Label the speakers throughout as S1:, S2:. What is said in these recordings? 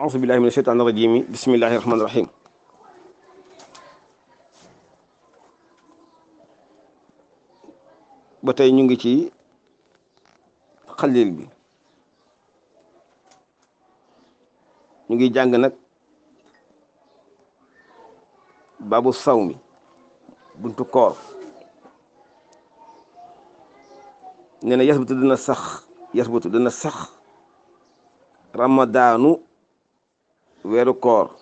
S1: auzu billahi mina sheytaani rajiim bismillahi rahmaani rahiim ba tey ñu ngi ci xalil bi ñu ngi jàng nag baabu saw mi buntu koor nee na yasbutu dina sax yasbutu dina sax ramadaanu wero koor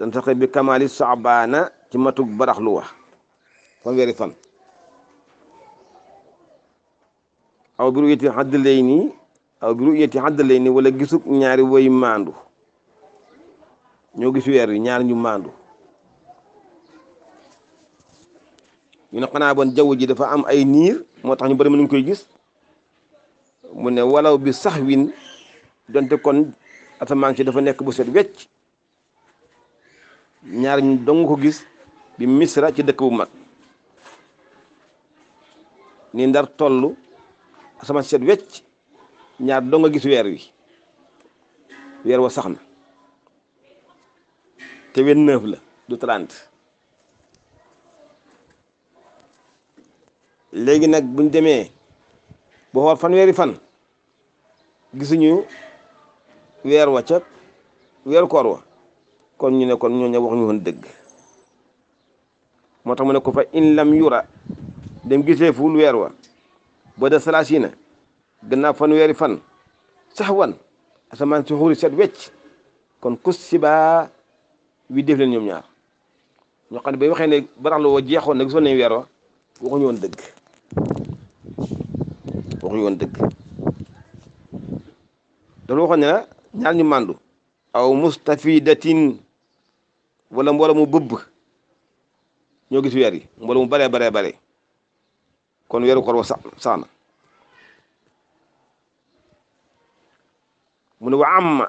S1: dan saxe bi kamali Sabana ci barax lu wax fanweeri fan aw biru yeti hadd layni aw biru yeti hadd layni wala gisuk ñaari way mandu ño gis wéru ñaar ñu mandu ñu ne bon jaww ji dafa am ay niir motax ñu bari mënuñ koy gis mu ne walaw bi donte kon asamaan ci dafa nekk bu set wecc ñaar ñu ko gis bi misra ci dëkk bu mag ni ndar toll asamaan si set wecc ñaar dong gis weer wi weer wa sax na te wen neuf la du trente léegi nag buñ demee ba xool fanweeri fan gisuñu weer wa ca weeru koor wa kon ñu ne kon ñoo ña wax ñu woon dëgg moo tax mu ne ko fa in lam yura dem gisee fuul weer wa ba da na gannaaw fan weeri fan sax wan asamaan si xuuri set wecc kon kus sibaa wi def leen ñoom ñaar ñoo xam ne bay waxee ne la woo jeexoon na gisoon nañ weer wa waxuñu woon dëgg waxuñu woon dëgg dañu waxoon ne la ñaar ñu màndu aw mustafidatin wala mbooloo mu bëbb ñoo gis weer yi mbooloo mu baree baree bare kon weeru koor wa saana mu ne wa amma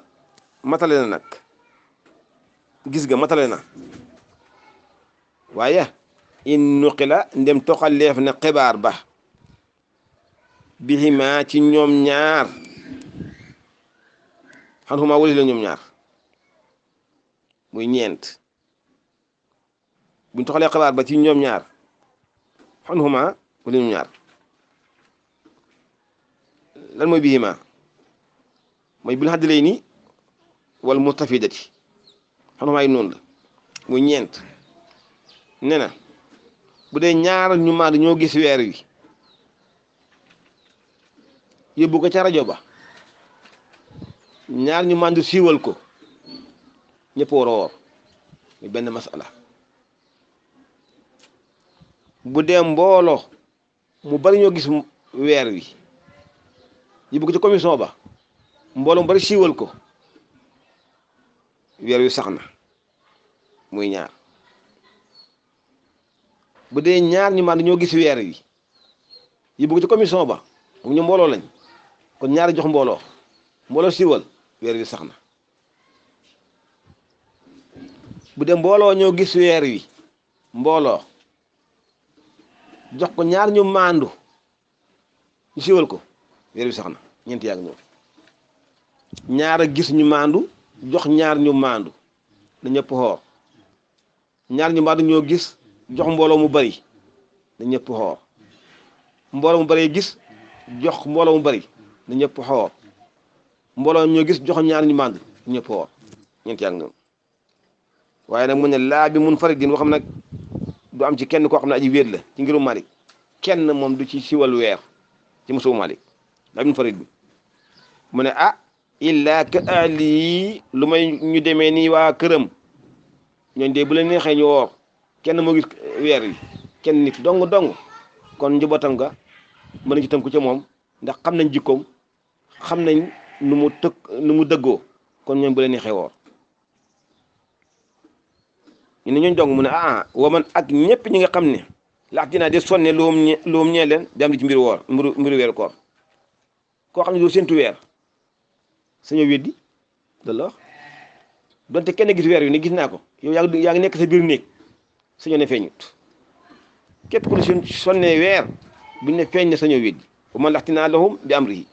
S1: matale na nag gis ga matale na waaye in nuqila ndem toxaleef na xibaar ba bixima ci ñoom ñaar xan xuma wali la ñoom ñaar muy ñeent buñ toxalee xabaar ba ci ñoom ñaar xan xuma wali ñoom ñaar lan mooy bihima mooy bil xaddilay ni wal mutafidati xan xuma ay noonu la muy ñeent nee na bu dee ñaar ñu maand ñoo gis weer wi yóbbu ko ca rajo ba ñaar ñu mandu siwal ko ñepp war wor ni benn masala bu dee mbooloo mu bari ñoo gis weer wi yóbbu ko ci commission ba mbooloo mu bari siiwal ko weer wi sax na muy ñaar bu dee ñaar ñu mànd ñoo gis weer wi yóbbu ko ci commission ba ñu mbooloo lañ kon ñaar jox mbooloo mbooloo siiwal weer wi sax na bu dee mbooloo ñoo gis weer wi mbooloo jox ko ñaar ñu maandu ñu siwal ko weer wi sax na ñeenti yaa ngi ñëw ñaar a gis ñu maandu jox ñaar ñu maandu na ñëpp xoor ñoo gis jox mbooloo mu bari na ñëpp xoor mbooloo mu bari gis jox mbooloo mu bari na ñëpp xoor mbooloo ñoo gis joxoon ñaar ñu mànd ñëpp woor ñeent yaa ngi noonu ne laa bi mun faridin boo xam nag du am ci kenn koo xam ne aji wéet la ci ngirum Malik kenn moom du ci siwal weer ci musubu Malik laa bi mun farid bi mu ne ah illaa ka lu may ñu demee nii waa këram ñooñ de bu leen neexee ñu woor kenn moo gis weer wi kenn nit dong dong kon njabootam ga mën nañ ci ca moom ndax xam nañ jikkoom xam nañ numu mu numu nu kon ñoom bu leen neexee woor ñu jong mu ne ah wa man ak ñepp ñi nga xam ne lax dinaa de sonne luum ñe luum ñee leen dem di ci mbir woor mbir mbiru weeru koor koo xam ne doo séntu weer sañoo weddi da la wax donte kenn gis weer wi ne gis naa ko yow yaa ngi yaa ngi nekk sa biir néeg sañoo ne feeñut képp ku ne sonne weer buñ ne feeñ ne sañoo weddi wa man lax dinaa lahum bi amrihi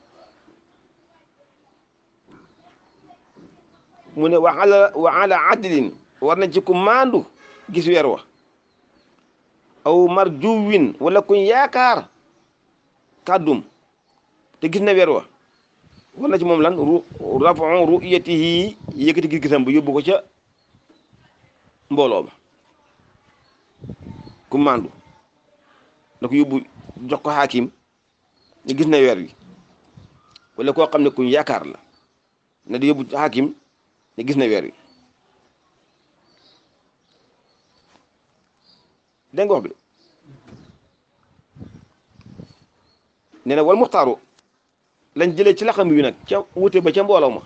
S1: mu ne wa ala wa ala adlin war na ci ku maandu gis weer wa aw marjuwin wala kuñ yaakaar kàddum te gis na weer wa war na ci moom lan ru rafon ru'yatihi yëkkati gis-gisam bu yóbbu ko ca mbooloo ma ku maandu na ko yóbbu jox ko xaakim gis na weer wi wala koo xam ne kuñ yaakaar la na di yóbbu xaakim ne gis na weer wi dégg bi nee na wal muxtaaru lañ jëlee ci laxam bi nag ca wute ba ca mbooloo ma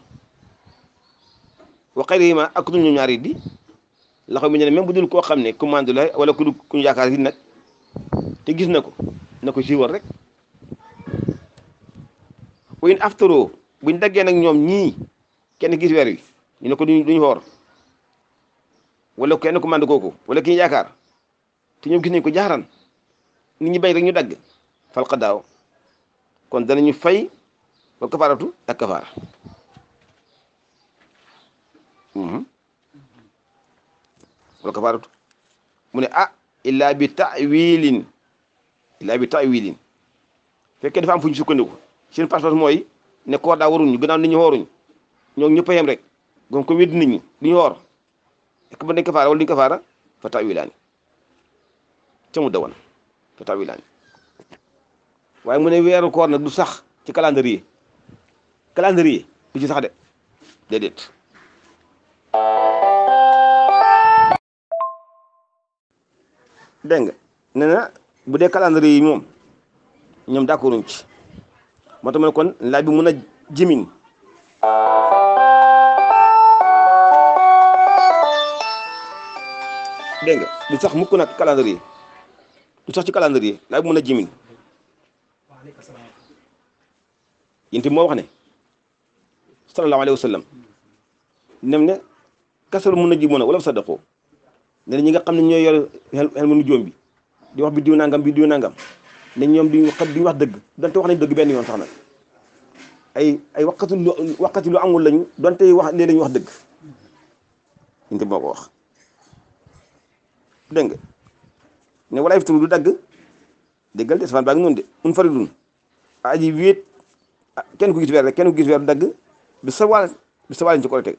S1: wa xëy ma ak ñu ñaar di laxam bi ne même bu dul koo xam ne commande la wala ku dul ku ñu yaakaar yi nag te gis na ko na ko siiwal rek bu ñu buñ daggee nag ñoom ñii kenn gis weer wi ñu ne ko duñ duñ xoor wala kenn ku mànd ko wala ki ñu yaakaar te ñu gis nañ ko jaaran nit ñi bañ rek ñu dagg fal qadaaw kon danañu fay wal kafaaratu ak kafaara mhm. wal kafaaratu mu ne ah illaa bi ta'wilin illaa bi ta'wilin fekkee dafa am fu ñu sukkandiku seen pas mooy ne koor daa waruñ gannaaw nit ñi xooruñ ñoo ñëpp a yem rek gom ko wedd nit ñi duñu woor ko ba nek faara wala ko faara fa tawilaani ci mu dawal fa tawilaani waye mu ne weeru koor nak du sax ci calendrier calendrier du ci sax de dedet deng na bu de calendrier mom moom ñoom ci moo kon laaj bi mu na jimin Deng, nga du sax mukk nak calendrier du sax ci calendrier la mën a jimin yéen mo wax ne sallallahu alaihi wasallam sallam nem ne kasal mën a wala sadaqo ne ñi nga xamni ñoy yor hel mënu jom bi di wax bi diw nangam bi diw nangam ne ñom di wax di wax deug dante wax nañ deug ben yoon sax nag ay ay waxati lu lu amul lañu dante wax ne lañu wax deug yéen moo wax dégg nga ne wala iftum du dagg déggal de safaan baa ngi noonu de un faridun aji wéet ah, kenn ku gis weer rek kenn ku gis weer du dagg bi sa wàll bi ko teg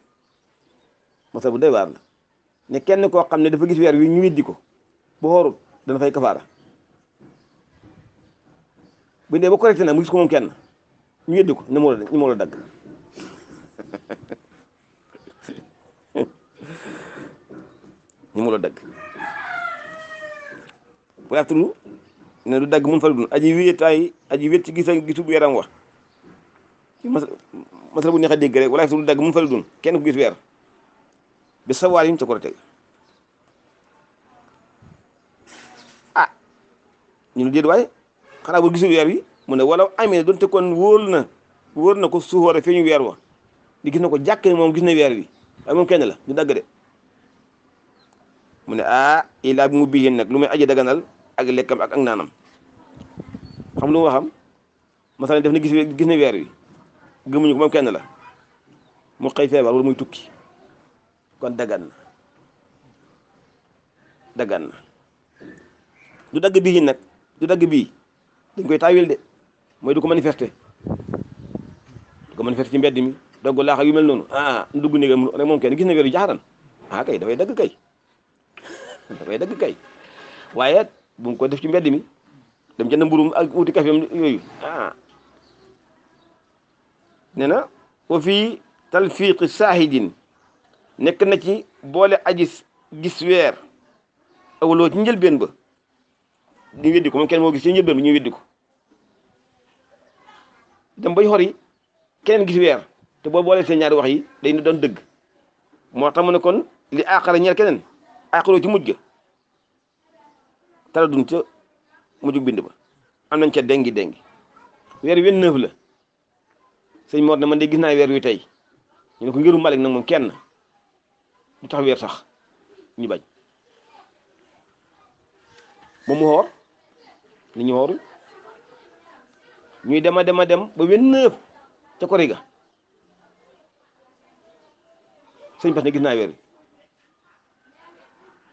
S1: masal bu doy waar la kenn koo xam ne dafa gis wi ñu weddi ko bu ba correcté nag mu moom kenn ñu weddi ko ñu moo la ñu moo la dagg ñu moo dagg bu yaatunu ne dagg mun fa aji wéetaay aji wét ci gisa gisu bu yaram dégg rek du dagg mun fa dun kenn ku gis weer bi sawaar yi mu sa ko teg ah ñu ne déet waaye xanaa bu gisul weer wi mu ne wala amee doonte kon wóor na wóor na ko suuf rek a feeñu weer wa di gis na ko jàkkee moom gis na weer wi waaye moom kenn la du dagg de mu ne ah ilaa bi mu bihin nag lu muy aji daganal ak lekkam ak ak naanam xam lu ma xam masalan def na gis gis na weer wi gëmuñu ko moom kenn la mu xëy feebar wala muy tukki kon dagan na dagan na du dagg bii nag du dagg bii dañ koy taawil de mooy du ko manifester du ko manifester ci mbedd mi dogg laax ak mel noonu ah dugg néegam rek moom kenn gis na weer wi jaaxaran ah kay dafay dagg kay da dagg kay waaye bu ko def ci mbedd mi dem jënd mburum ak wuti kafeem yooyu ah nee na wa fii talfiqi saahidin nekk na ci boole ajis gis weer awaloo ci njëlbeen ba ñu weddi ko moom kenn moo gis ci njëlbeen ba ñu weddi ko dem bay xori keneen gis weer te boo boolee seen ñaari wax yi day doon dëgg moo tax mu ne kon li aaxara ñeel keneen ay xuloo ci mujj ga tara dun ca mujj bind ba am nañ ca dengi dengi weer wi neuf la sëñ Mor ne man de gis naa weer wi tey ñu ne ko ngiru Malick nag moom kenn du tax weer sax ñu bañ moom mu xoor li ñu ñuy dem a dem dem ba wen neuf ca koriga sëñ Bass ne gis naa weer wi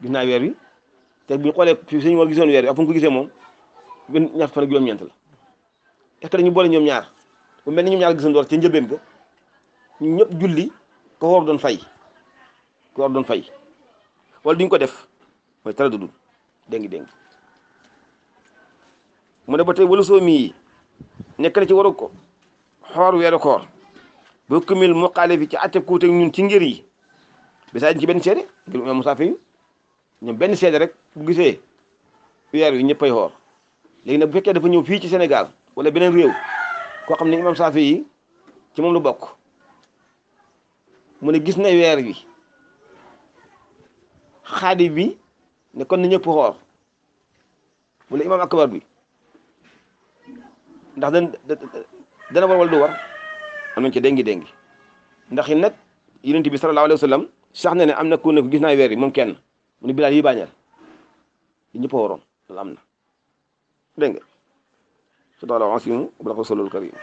S1: gis naa weer wi te bu ñu xoolee fi suñu war gisoon weer wi ko gisee mom benn ñaar fa ak ñent la et ce ñu bolé boole ñoom ñaar bu melni ni ñoom ñaar gisoon door ci njëlbeen ko ñun ñëpp julli ko hor doon fay ko hor doon fay wal diñ ko def moy tara dudul déngi déngi mu ne ba tey wala so mi nek na ci waru ko xor weeru koor bu kumil muqalifi ci atte kuute ñun ci ngir yi bisay ci ben seede ngir mu musaafe ñoom benn seede rek bu gisee weer wi ñëppay xoor léegi nag bu fekkee dafa ñëw fii ci senegal wala beneen réew koo xam ne imam Saafi yi ci moom lu bokk mu ne gis na weer wi xaadi bi ne kon na ñëpp xoor wala imam akbar bi ndax dana dana war du war am nañ ci déngi déngi ndax it nag yonent bi sallallahu alayhi wa sallam sax na ne am na ku ne gis naa weer wi moom kenn mu ne bilaal yi bàññeel yi ñëpp waroon loolu am na dégg nga su daala asimu bala ko solul karim